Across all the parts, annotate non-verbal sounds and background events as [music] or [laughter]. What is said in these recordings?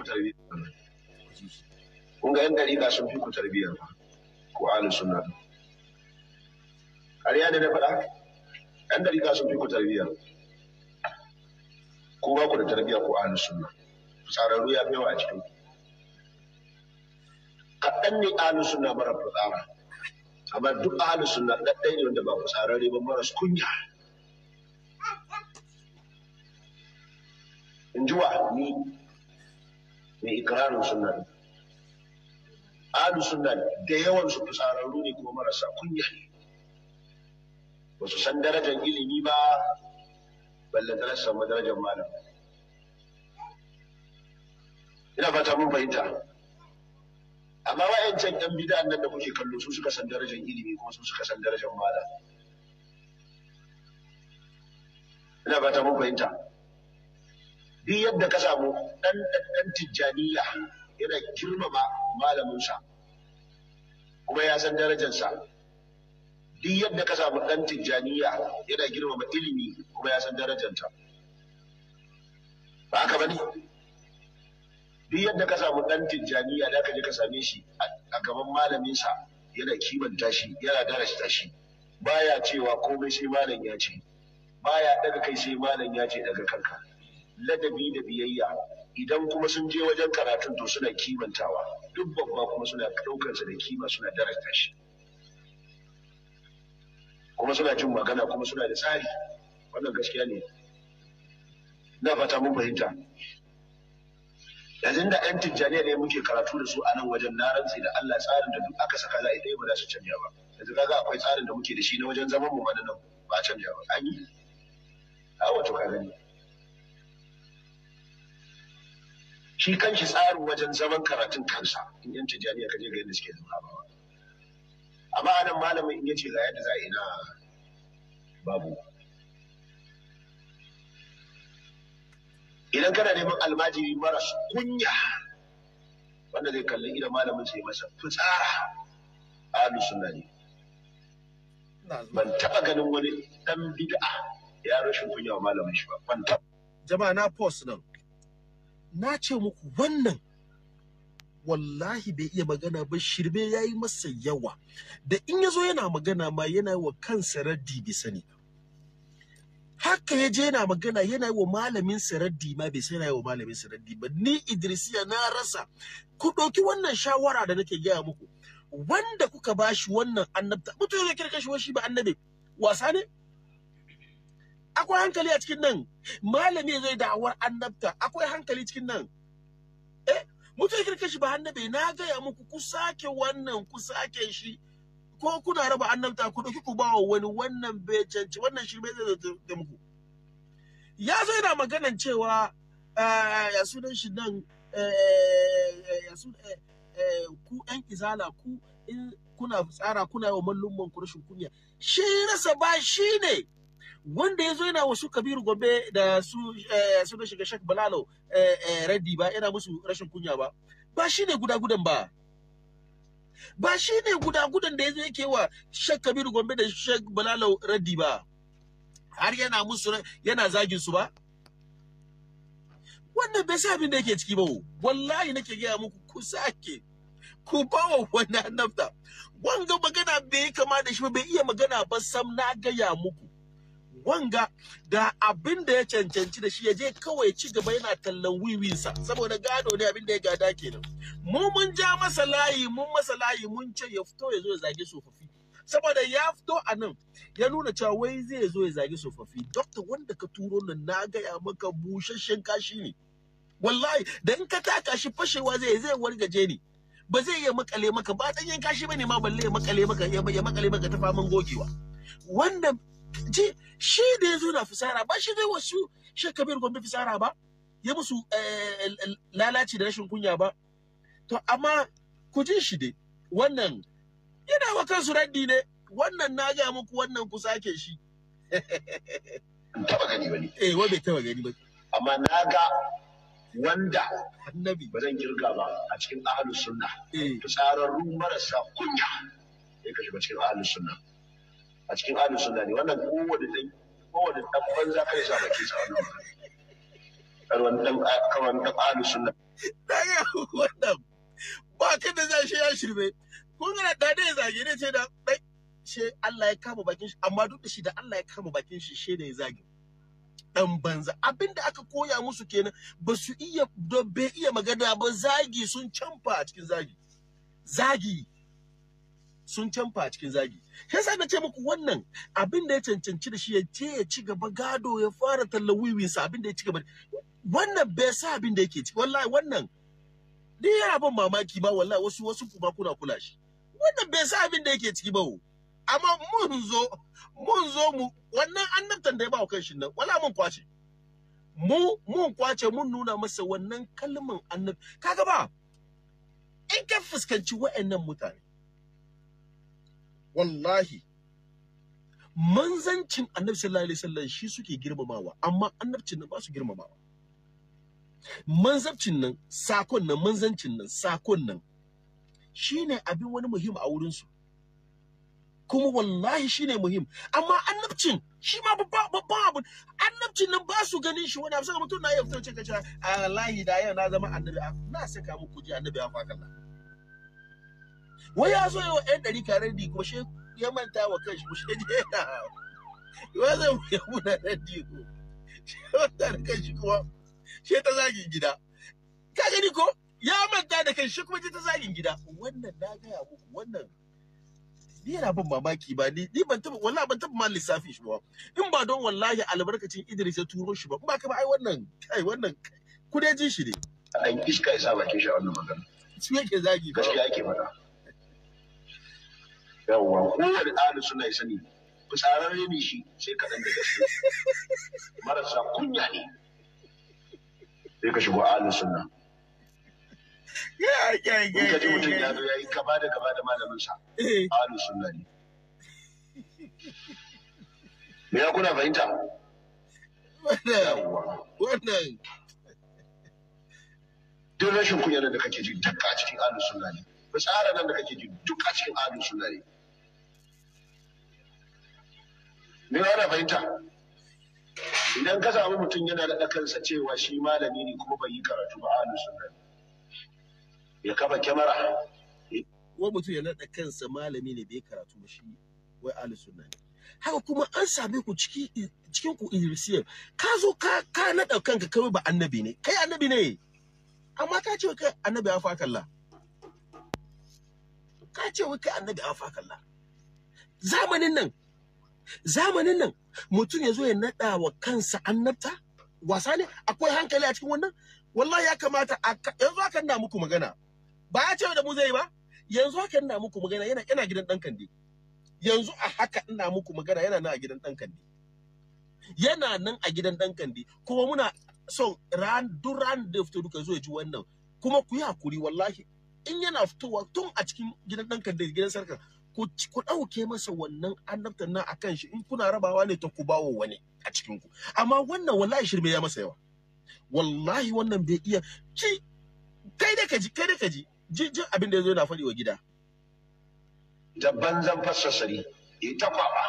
ku tarbiyya kun ga yan dariƙa sun fi ku tarbiyya ba ko ahlus sunna ƙarya da na faɗa yan dariƙa sun fi ku tarbiyya ko ba ku da tarbiyya ko ahlus sunna tsararru ya fi yawa a cikin ku kaɗan ne ahlus sunna mara fitsara amma duk ahlus sunna ɗaɗɗai ne wanda ba ku fitsararre ba maras kunya in ji wa ni mai ikirarin sunna ne ahlu sunna da yawan su fitsararru ne kuma marasa kunya ne ba su san darajar ilimi ba ballantana su ma darajar malam ina fata mun fahimta amma wa'yancan ɗan bida'an nan da kuke kallo su suka san darajar ilimi kuma su suka san darajar malam ina fata mun fahimta duk yadda ka samu dan dan tijjaniya yana girmama malaminsa kuma ya san darajarsa duk yadda ka samu dan tijjaniya yana girmama ilimi kuma ya san darajarta ba haka bane duk yadda ka samu dan tijjaniya da ka je ka same shi a gaban malaminsa yana kimanta shi yana darasta shi baya cewa komai sai malam ya ce baya daga kai sai malam ya ce daga kanka ladabi da biyayya idan kuma sun je wajen karatun to suna kimantawa duk babba kuma suna ɗaukarsa da kima suna darasta shi kuma suna jin magana kuma suna da tsari wannan gaskiya ne na fata mun fahimta yanzu da yan tijjaniya ne muke karatu da su a nan wajen na rantsi da Allah tsarin da duk aka saka za a yi ba za su canja ba yanzu kaga akwai tsarin da muke da shi na wajen zaman mu nan ba canja ba an yi a wato ka gani shi kanshi tsarin wajen zaman karatun kansa in yan jami'a ka je ga yadda suke zama ba amma anan malamin in yace ga yadda za a yi na babu idan kana neman almajiri maras kunya wanda zai kalli idan malamin sai masa fitsara ahlus sunna ne ban taba ganin wani dan bid'a ya rashin kunya wa malamin shi ba ban taba jama'a na post nan na ce muku wannan wallahi bai iya magana ba shirme ya yi masa yawa da in ya zo yana magana ma yana wa kansa raddi bai sani haka ya je yana magana yana yi wa malamin saraddi ma bai sai yana yi wa malamin saraddi ba ni idrisiya na rasa ku ɗauki wannan shawara da nake gaya muku wanda kuka bashi wannan annabta mutum ya kirka shi ba annabi wasa ne akwai hankali a cikin nan malami zai da'awar annabta akwai hankali cikin nan eh mutum kirkin shi ba annabi na gaya muku ku sake wannan ku sake shi ko kuna raba annabta ku dauki ku bawa wani wannan bai canci wannan shi bai zai da muku ya zo yana maganan cewa eh, ya sunan shi nan eh, ya eh, ku ɗan izala ku in kuna tsara kuna yi wa mallumman kurashin rashin kunya shi rasa ba shi ne wanda ya zo yana wasu kabiru gobe da su eh, suna shiga shak balalo eh, eh, raddi ba yana musu rashin kunya ba ba shi ne guda gudan ba ba shi ne guda gudan da ya zo yake wa shak kabiru gobe da shak balalo raddi ba har yana musu yana zagin su ba wannan bai sa abin da yake ciki ba wallahi nake gaya muku ku sake ku bawa wani annabta wanga magana bai kama da shi ba bai iya magana ba sam na gaya muku wanga da abin da ya cancanci da shi ya je kawai ci gaba yana tallan wiwinsa saboda gado ne abin da ya gada kenan mu mun ja masa layi mun masa layi mun ce ya fito ya zo ya zage tsofaffi saboda ya fito a nan ya nuna cewa wai zai zo ya zage tsofaffi doctor wanda ka turo nan na gaya maka busasshen kashi ne wallahi da in ka taka shi fashewa zai zai wargaje ni ba zai iya makale maka ba dan kashi shi bane ma balle ya makale maka ya makale maka ta faman gogewa wannan ji shi da ya zo da fisara ba shi dai wasu shekabir gombe fisara ba ya musu eh, lalaci da rashin kunya ba to amma ku ji shi dai wannan yana wa kansu raddi ne wannan na ga muku wannan ku sake shi taba gani ne. eh wai bai taba gani ba amma na ga wanda annabi ba zan kirga ba a cikin ahlus sunna tsararru eh. marasa kunya ya ba cikin ahlus sunna a cikin ahlus sunna ne wannan kowanne dan kowanne dan banza kai sa bakin sa wannan karwan dan karwan dan ahlus sunna daga wannan ba ka da zai shiya shirme kun ga da dai zage ne ce da she Allah ya kama bakin shi amma duk da shi da Allah ya kama bakin shi she ne ya zage dan banza abinda aka koya musu kenan ba su iya bai iya magana ba zagi sun canfa a cikin zagi zagi sun canfa a cikin zagi sai na ce muku wannan abin da ya cancanci da shi ya je ya ci gaba gado ya fara talla wiwinsa abin da ya ci gaba wannan bai sa abin da yake ci wallahi wannan ni ya ban mamaki ba wallahi wasu wasu kuma kuna kula shi wannan bai sa abin da yake ciki ba amma mun zo mun zo mu wannan annabtan da ya ba wa kan shi nan wala mun kwace mu mun kwace mun nuna masa wannan kalman annab kaga ba in ka fuskanci wa'annan mutane wallahi manzancin annabi sallallahu alaihi wasallam shi suke girmamawa amma annabcin nan ba su girmamawa manzabcin nan sakon nan manzancin nan sakon nan shine abin wani muhim a wurin su kuma wallahi shine muhim amma annabcin shi ma babban abu annabcin nan ba su ganin shi wani abu sai mutum na yi fitar ce kace a ah, lahi da yau na zama annabi ah, na saka muku ji annabi a Allah wai ya so yawa yan ɗari karen di kuma ya manta wa kanshi kuma shi je yana wai zai ya muna nan di ko manta da kanshi kuma shi ta zagin gida ka gani ko ya manta da kanshi kuma shi ta zagin gida wannan na gaya muku wannan ni yana ban mamaki ba ni ni ban taba wallahi ban taba ma lissafi shi ba in ba don wallahi albarkacin Idris ya turo shi ba in ba ka ba ai wannan kai wannan kudejin shi ne dan iska ya sa bakin shi a wannan magana shi yake zagi gaskiya yake faɗa yawwa kowane ahli sunna ya sani fitsararre ne shi sai kaɗan da gaske marasa kunya ne sai ka shigo ahli sunna ka ji mutum ya zo ya yi gaba da gaba da malaminsa eh. ahli sunna ne me ya kuna fahimta wannan duk rashin kunya da kake ji duk a cikin ahli sunna ne fitsara nan da kake ji duk a cikin ahli sunna ne ne ana fahimta idan ka samu mutum yana da kansa cewa shi malami ne kuma bai yi karatu ba a sunna ya kafa kyamara ko mutum ya da kansa malami ne bai karatu ba shi wai ahli sunna ne haka kuma an same ku ciki cikin ku irisiya ka zo ka ka naɗa kanka kawai ba annabi ne kai annabi ne amma ka ce kai annabi an fa kalla ka ce kai annabi an fa zamanin nan zamanin nan mutum ya zo ya naɗa wa kansa annabta wasa ne akwai hankali a cikin wannan wallahi ya kamata yanzu haka na muku magana ba ya ce da mu zai ba yanzu haka na muku magana yana yana gidan dan kande yanzu a haka ina muku magana yana nan a gidan dan kande yana nan a gidan dan kande kuma muna so ran duk ran da fito duka zo ya ji wannan kuma ku yi hakuri wallahi in yana fitowa tun a cikin gidan dan kande gidan sarkar ku ɗauke masa wannan annabtan nan kan shi in kuna rabawa ne ta ku wa wani a cikin ku amma wannan wallahi shirme ya masa yawa wallahi wannan bai iya ci kai da kaji kai da kaji ji abin da yazo yana faɗi wa gida da banzan fassasari ya ta kwaba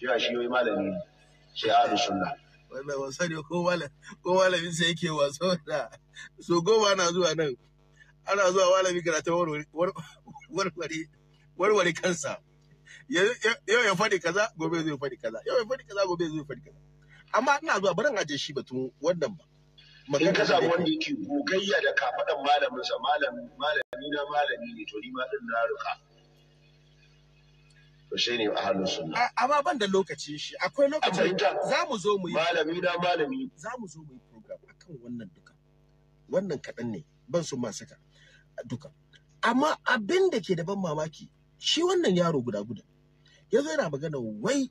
ya shi yoyi malami sai a sunna wannan wasa ko malami ko malamin sai yake waso da so goma na zuwa nan ana zuwa malami karatu warware warware kansa yau ya faɗi kaza gobe zai faɗi kaza yau ya faɗi kaza gobe zai faɗi kaza amma ina zuwa barin aje shi batun wannan ba magana ka samu wanda yake gogayya da kafaɗan malamin sa malami malami na malami ne to ni ma din na ruka to shi ne ahlus sunna amma ban da lokacin shi akwai lokacin za mu zo mu yi malami na malami za mu zo mu yi program akan wannan duka wannan kaɗan ne ban su ma saka duka amma abin da ke da ban mamaki shi wannan yaro guda guda ya zo yana magana wai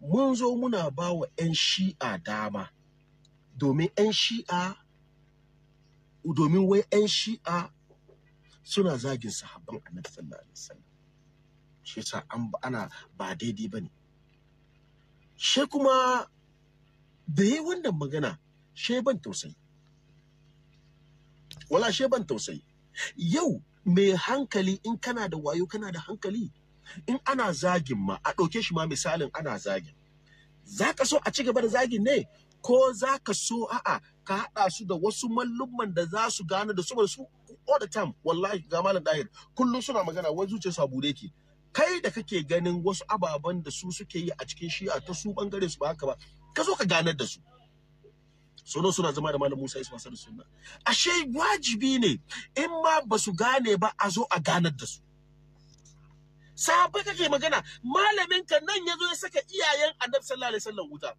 mun zo muna ba wa 'yan shi'a dama domin 'yan shi'a domin wai 'yan shi'a suna zagin sahabban annabi sallallahu alaihi wasallam shi yasa an ana ba daidai bane shi kuma da yi wannan magana shi ban tausayi wala shi ban tausayi yau mai hankali in kana da wayo kana da hankali in ana zagin ma a ɗauke shi ma misalin ana zagin za ka so a ci gaba da zagin ne ko za ka so a'a ka haɗa su da wasu mallumman da za su gane da su ba su all the time wallahi ga malam dahir kullum suna magana wai zuciyar su da ke kai da kake ganin wasu ababen da su suke yi a cikin shi'a ta su bangare su ba haka ba ka zo ka ganar da su suno suna zama da malam Musa Isa Masar sunna ashe wajibi ne in ma ba su gane ba a zo a ganar da su sahabba kake magana malamin ka nan yazo ya saka iyayen Annabi sallallahu alaihi wasallam wuta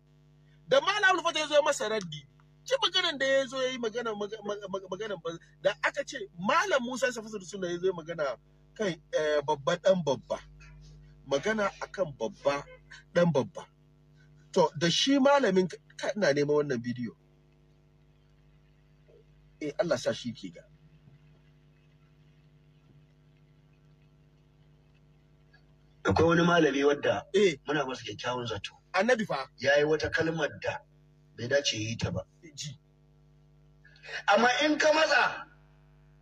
da malam al yazo ya masa raddi ji maganan da yazo yayi magana magana da aka ce malam Musa Isa Masar sunna yazo ya magana kai eh, babba dan babba magana akan babba dan babba to da shi malamin ina neman wannan bidiyo eh Allah sa shi ke ga akwai wani malami wadda eh. muna masa kyakkyawan zato annabi fa yayi wata kalmar da bai dace yi ta ba eh, amma in ka matsa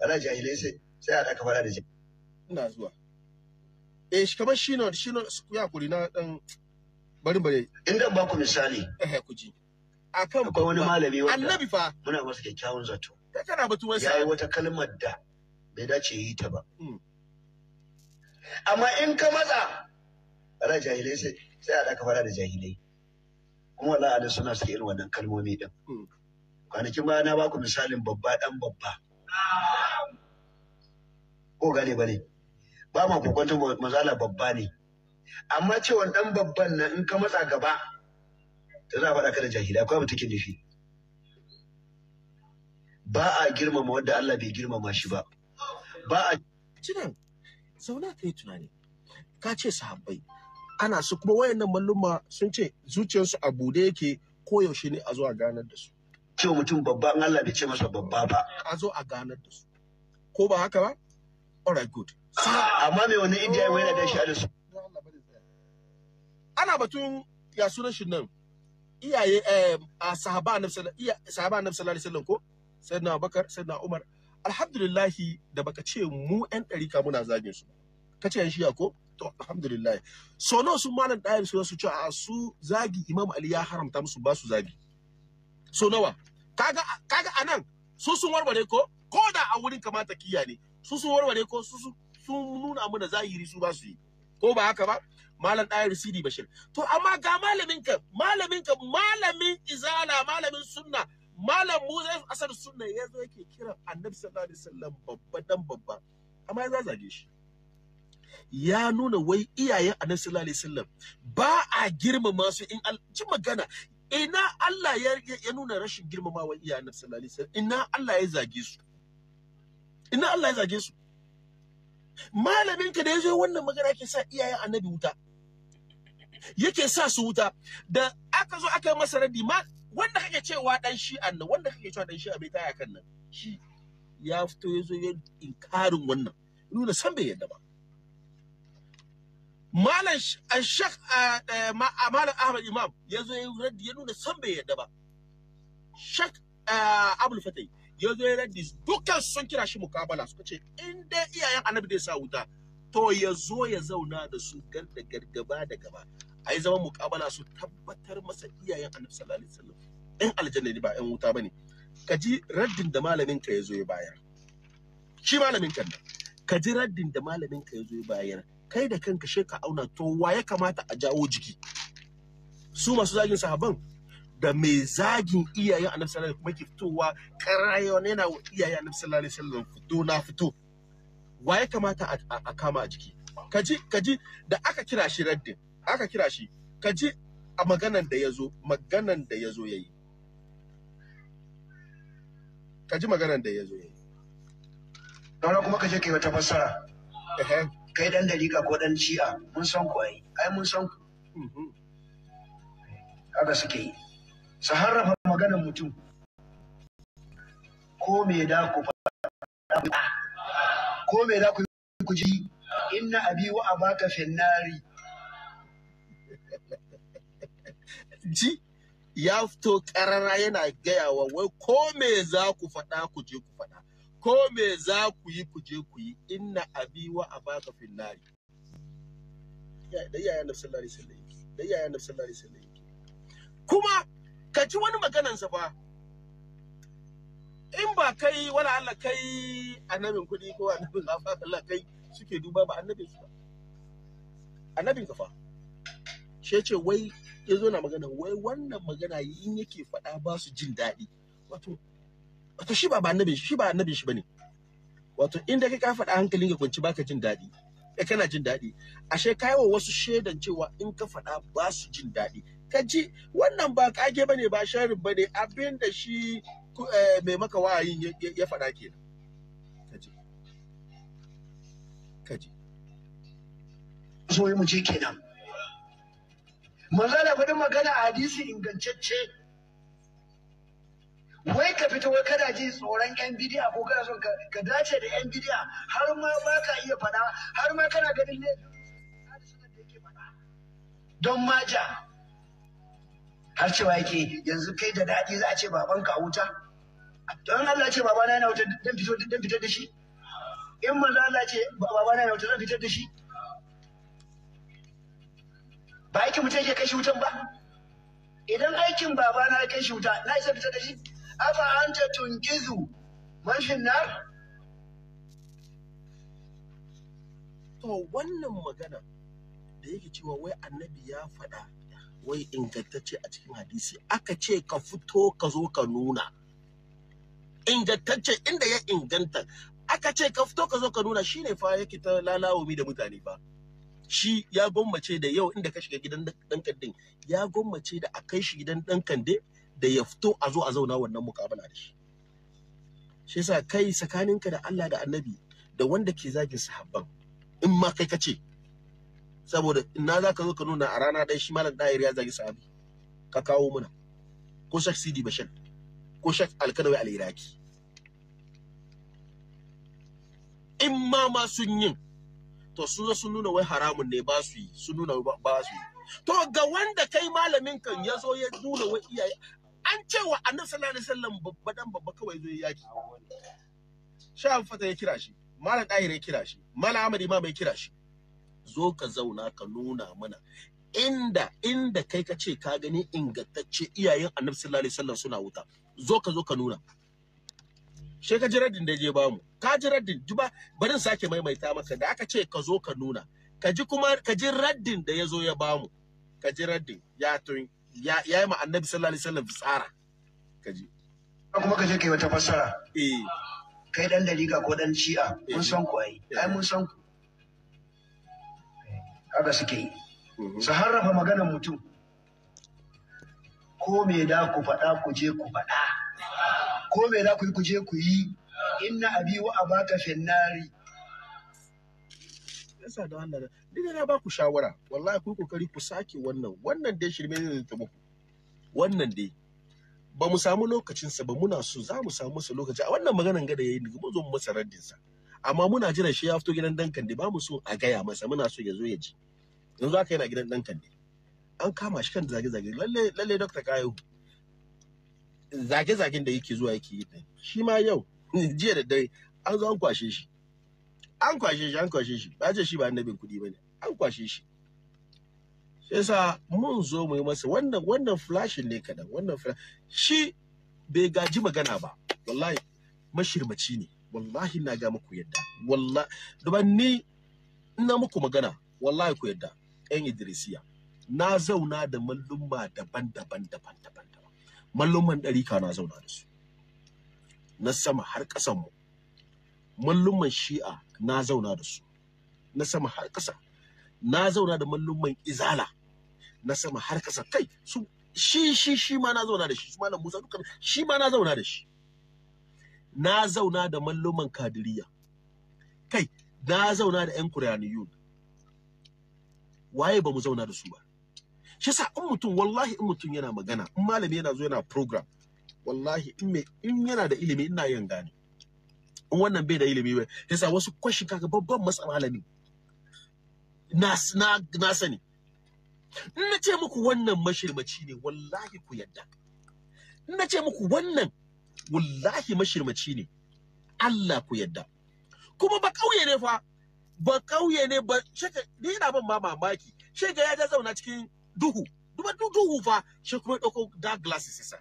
ana jahilai sai sai a daka fara da shi ina zuwa eh shi kamar shi ne shi ne ya kuri na dan bari bari in dan ba ku misali eh ku ji akan akwai wani malami wadda annabi fa muna masa kyakkyawan zato kai kana wata kalmar da bai dace yi ta ba hmm. amma in ka matsa ana jahilai sai sai a daka fara da jahilai kuma wallahi alai suna suke irin wannan kalmomi din hmm. kwanakin baya na baku misalin babba dan babba ko gane bane ba ma kokonta mazala babba ne amma cewa dan babban nan in ka matsa gaba ta za a faɗa ka da jahilai akwai mutukin nufi ba a girmama wanda Allah bai girmama shi ba ba a cinan zauna ka yi tunani ka ce sahabbai ana su kuma wayannan malluma sun ce zuciyarsu a bude yake koyaushe ne a zo a ganar da su ce mutum babba in Allah bai ce masa babba ba a zo a ganar da su ko ba haka ba alright good amma mai wani indiya yana da shi a da su ana batun ya sunan shi nan iyaye eh, a sahaba na sallallahu alaihi wasallam ko sayyidina Abubakar sayyidina Umar alhamdulillah da baka ce mu yan ɗarika muna zagin su ka ce yan shiya ko to alhamdulillah so nawa sun malam ɗayar su su ce a su zagi Imam Ali ya haramta musu ba su zagi so nawa kaga kaga anan su sun warware ko ko da a wurin kamata kiya ne su sun warware ko su sun nuna mana zahiri su ba su yi ko ba haka ba malam ɗayar sidi bashir to amma ga malaminka malaminka malamin izala malamin sunna malam Musa asar sunna ya zo yake kiran annabi sallallahu alaihi wasallam babba dan babba amma ya zage shi ya nuna wai iyayen annabi sallallahu alaihi wasallam ba a girmama su in ji magana ina Allah ya nuna rashin girmamawa iyayen annabi sallallahu alaihi wasallam ina Allah ya zage su ina Allah ya zage su malaminka da ya zo wannan magana yake sa iyayen annabi wuta yake sa su wuta da aka zo aka masa radi ma wanda kake cewa dan shi nan wanda kake cewa dan shi'a bai taya kan nan shi ya fito ya zo ya inkarin wannan nuna san bai yadda ba malam a malam ahmad imam ya zo ya raddi ya nuna san bai yadda ba shek abul fatai ya zo ya raddi dukkan sun kira shi mukabala suka ce in dai iyayen annabi zai sa wuta to ya zo ya zauna da su gar da gargaba da gaba Ayi zama muƙabala su tabbatar masa iyayen annabi sallallahu alaihi wasallam ɗan aljanna ne ba ɗan wuta bane ka ji raddin da malamin ka ya zo ya bayar shi malamin kan ka ji raddin da malamin ka ya zo ya bayar kai da kanka shi ka auna to wa ya kamata a jawo jiki su masu zagin sahaban da mai zagin iyayen annabi sallallahu alaihi wasallam kuma ke fitowa karayon yana wa iyayen annabi sallallahu alaihi wasallam fito na fito wa ya kamata a kama a jiki kaji kaji da aka kira shi raddin aka kira shi ka ji a maganan da ya zo maganan da ya zo ya yi ka ji maganan da ya zo ya yi Dora kuma ka je yi wata fassara kai dan dalika ko dan ciya mun san ku ai ai mun san ku mhm. haka suke yi su harrafa maganar mutum ko me da ku ko me da ku ji inna abi wa abaka nari ji ya fito ƙarara yana gayawa wai ko me za ku faɗa ku je ku faɗa ko me za ku yi ku je ku yi inna abi wa abaka finnari da iyayen da sallari sallari da iyayen da kuma ka ji wani maganansa ba in ba kai wala Allah kai annabin kuɗi ko annabin gafa Allah kai suke duba ba annabin su ba annabin gafa shi ce wai ya zo na magana wai wannan magana yin yake faɗa ba su jin daɗi wato wato shi ba ba annabi shi ba annabi shi bane wato inda kai ka faɗa hankalin ka kwanci baka jin daɗi kai kana jin daɗi ashe kai wa wasu shaidan cewa in ka faɗa ba su jin daɗi ka ji wannan ba kage bane ba sharrin bane abin da shi eh, mai maka wa'ayin ya faɗa kenan kaji kaji mu je kenan manzala kudin magana a hadisi ingantacce wai ka fita wai kada ji tsoron yan bidiya ko kana son ka dace da yan bidiya har ma ba ka iya fada har ma kana ganin ne ka ke faɗa don maja har cewa yake yanzu kai da daɗi za a ce babanka a wuta don Allah ce babana yana wuta dan fito dan fitar da shi in manzo Allah ce babana yana wuta dan fitar da shi ba aikin mutum yake kai shi wutan ba idan aikin baba na kai shi wuta na isa fita da shi afa anta tunkizu man na? to wannan magana da yake cewa wai annabi ya faɗa wai ingantacce a cikin hadisi aka ce ka fito ka zo ka nuna ingantacce inda ya inganta aka ce ka fito ka zo ka nuna shine fa yake ta lalawumi da mutane ba. shi ya gwammace da yau inda ka shiga gidan dan kandin ya gwammace da a kai shi gidan dan kande da ya fito a zo a zauna wannan mukabala da shi shi yasa kai tsakaninka da Allah da Annabi da wanda ke zagin sahabban in ma kai kace saboda ina za ka zo ka nuna a rana ɗaya shi malam ɗayar ya zagi sahabi ka kawo muna ko shak sidi bashir ko shak alkanawai al-iraki in ma ma sun yin to su sun nuna wai haramun ne ba su yi sun nuna ba su yi to ga wanda kai malamin kan ya zo ya nuna wai iyaye an cewa annabi sallallahu alaihi wasallam babba dan babba kawai zo yaki sha fata ya kira shi malam dahir ya kira shi malam amadi ma ya kira shi zo ka zauna ka nuna mana inda inda kai ka ce ka gani ingantacce iyayen annabi sallallahu alaihi wasallam suna wuta zo ka zo ka nuna she ka ji raddin da je ba mu? ka ji raddin ba barin sake maimaita maka da aka ce ka zo ka nuna ka ji kuma ka ji raddin da ya zo ya ba mu? ka ji raddin ya tun ya yi ma annabi sallallahu alaihi wasallam tsara ka ji kuma ka je kai wata fassara eh kai dan dalika ko dan shi'a eh. mun san ku ai eh. ai mun san ku haka suke yi mm-hmm. su harrafa maganar mutum ko me da ku faɗa ku je ku faɗa ko me za ku yi ku je ku yi inna abi wa abaka fennari. yasa da wannan duk na ba ku shawara wallahi ku kokari ku sake wannan wannan dai shirme ne da tabo wannan dai ba mu samu lokacinsa ba muna so za mu samu masa lokaci a wannan maganan gada yayi mu zo mu masa sa amma muna jiran shi ya fito gidan dan kande ba mu so a gaya masa muna so ya zo ya ji yanzu aka yana gidan dan kande an kama shi kan zage-zage lalle lalle dokta kayo zage-zagen da yake zuwa yake yi shi ma yau [laughs] jiya da dare an zo an kwashe shi an kwashe shi an kwashe shi ba ce shi ba annabin kuɗi ba ne an kwashe shi yasa mun zo mu yi masa wannan wannan flashin ne kadan wannan shi bai gaji magana ba wallahi mashirmaci ne wallahi na ga muku yadda wallahi duban ni ina muku magana wallahi ku yadda yan idrisiya na zauna da mallumma daban-daban daban-daban mallumman ɗarika na zauna da su na sama har ƙasan mu mallumman shi'a na zauna da su na sama har ƙasa na zauna da mallumman izala na sama har ƙasa kai su shi shi shi ma na zauna da shi su malam Musa duka shi ma na zauna da shi na zauna da malluman kadiriya kai na zauna da yan kuraniyun waye ba mu zauna da su ba shi sa in mutum wallahi in mutum yana magana in malami yana zo yana program wallahi in me in yana da ilimi ina yin gane in wannan bai da ilimi ba yasa wasu kwashin kaga babban matsala ne na na na sani in na ce muku wannan mashirmaci ne wallahi ku yadda in na ce muku wannan wallahi mashirmaci ne Allah ku yadda kuma ba kauye ne fa ba kauye ne ba shi ni ina ban ma mamaki ga ya zauna cikin duhu duba duhu fa shi kuma ɗauko dark glasses isa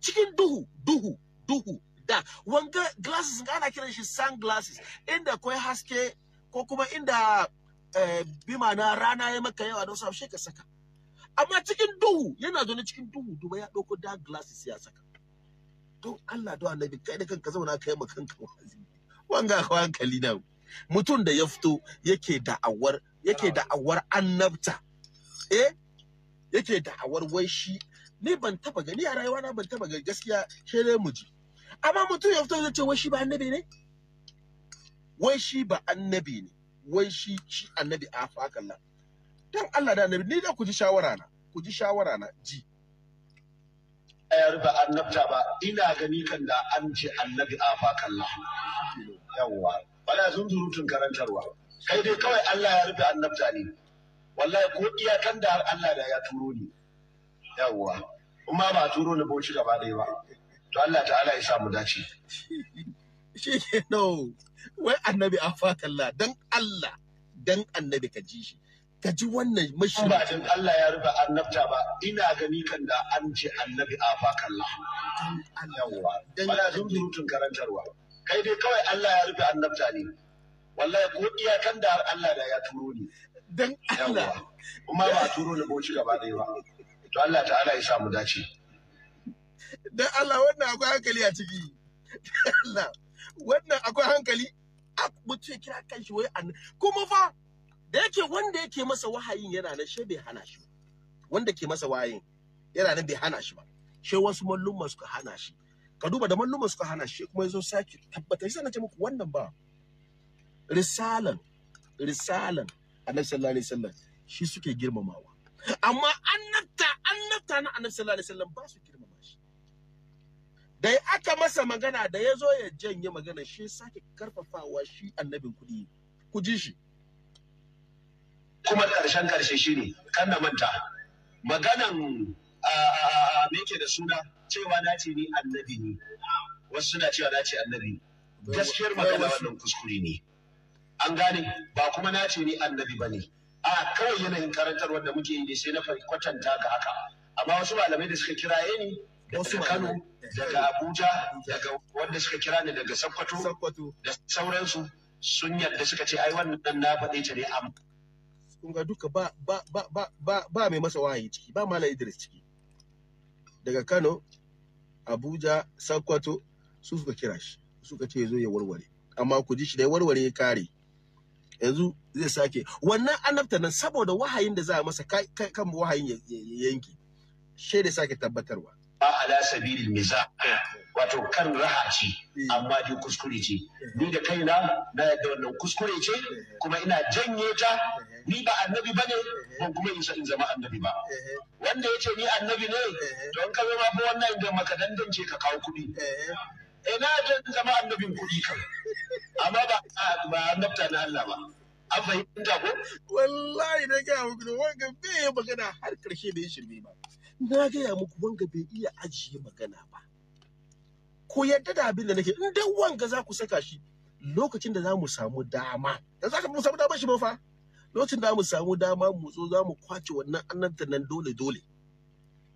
cikin duhu duhu duhu da wanga glasses ana kiran shi sun glasses inda koi haske ko kuma inda eh, bima na rana ya maka yawa don shi ka saka amma cikin duhu yana zaune cikin duhu duba ya ɗauko dark glasses ya saka don Allah don annabi kai da kanka zauna kai ma kanka wanga hankali na mutum da ya fito yake da'awar yake da'awar annabta eh yake da'awar wai shi ni ban taba gani a rayuwa na ban taba gani gaskiya she dai mu ji amma mutum ya fito zai ce wai shi ba annabi ne wai shi ba annabi ne wai shi shi annabi a fakallan dan Allah da annabi ni da ku ji shawara na ku ji shawara na ji ya ba annabta ba ina gani kan da an ce annabi a fakallan yawa sun zunzurutun karantarwa kai dai kawai Allah ya rufe annabta ne wallahi ko iyakan da Allah da ya turo ni yawwa kuma ba turo ni bauchi gaba ɗaya ba to Allah ta'ala ya mu dace shi ke no wai annabi a fatalla dan Allah dan annabi ka ji shi ka ji wannan mashi ba dan Allah ya rufe annabta ba ina gani kan da an ce annabi a fakalla yawwa bana zunzurutun karantarwa kai dai kawai Allah ya rufe annabta ne wallahi ko iyakan da Allah da ya turo ni dan Allah kuma ba turo ni boci gaba ɗaya ba to Allah ta'ala ya samu dace dan Allah wannan akwai hankali a ciki Allah wannan akwai hankali mutu ya kira kanshi wai an kuma fa da yake wanda yake masa wahayin yana na shi bai hana shi wanda ke masa wahayin yana na bai hana shi ba shi wasu mallumma suka hana shi ka duba da malluman suka hana shi kuma yazo sake tabbatar shi ce muku wannan ba risalan risalan annabi sallallahu alaihi wasallam shi suke girmamawa amma annabta annabta na annabi sallallahu alaihi wasallam ba su girmama shi da aka masa magana da yazo ya janye magana shi sake karfafawa shi annabin kudi ku ji shi kuma karshen karshe shine kan manta maganan me yake da suna cewa na ce ni annabi ne wasu suna cewa na ce annabi ne gaskiyar magana wannan kuskure ne an gane ba kuma na ce ni annabi ba ne a kawai yanayin karantarwar da muke yi ne sai na kwatanta ga haka amma wasu malamai da suka kira ni daga Kano daga Abuja daga wanda suka kira ni daga Sokoto da sauransu sun yarda suka ce ai wannan na faɗe ta ne amma kun ga duka ba ba ba ba ba mai masa wahayi ciki ba malam Idris ciki daga Kano Abuja Sokoto su suka kira shi suka ce zo ya warware amma ku ji shi da ya warware ya kare yanzu zai sake wannan annabta nan saboda wahayin da za a masa kan wahayin ya yanki da sake tabbatarwa ala sabilil mizah eh. wato kan raha ce hmm. amma dai kuskure ce hmm. ni da kaina na yadda wannan kuskure ce hmm. kuma ina janye ta ni ba annabi ba ne ban kuma isa in zama annabi ba wanda ya ce ni annabi ne don ka zama ba wannan da makadandan ce ka kawo kuɗi ina eh, da zama annabin kuɗi kan amma ba ba annabta na Allah ba an fahimta ko wallahi na ga muku wanga bai magana har karshe bai shirme ba na ga muku wanga bai iya ajiye magana ba ko yadda da abin da nake in dan wanga za ku saka shi lokacin da za mu samu dama da za mu samu dama shi ba fa lokacin da mu samu dama mu zo za mu kwace wannan annanta nan dole dole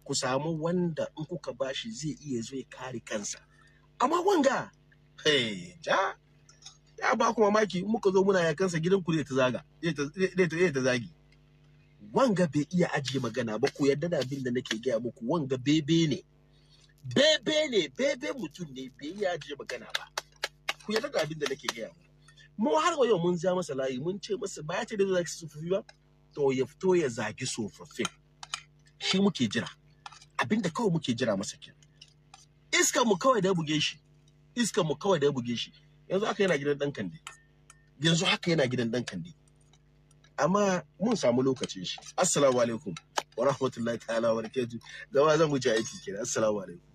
ku samu wanda in kuka bashi zai iya zai kare kansa amma wanga hey ja ya ba ku mamaki muka zo muna yakansa gidan ku ta zaga zai ta zagi wanga bai iya ajiye magana ba ku yadda da abin da nake gaya muku wanga bebe ne bebe ne bebe mutum ne bai iya je magana ba ku yarda da abin da nake gaya mu mu har wa yau mun ja masa layi mun ce masa ba ya ce da su sufufi ba to ya fito ya zagi tsofaffin shi muke jira abin da kawai muke jira masa ke iska mu kawai da buge shi iska mu kawai da buge shi yanzu haka yana gidan dan kande yanzu haka yana gidan dan kande amma mun samu lokacin shi assalamu alaikum wa rahmatullahi ta'ala wa barakatuh gaba zan wuce aiki kenan assalamu alaikum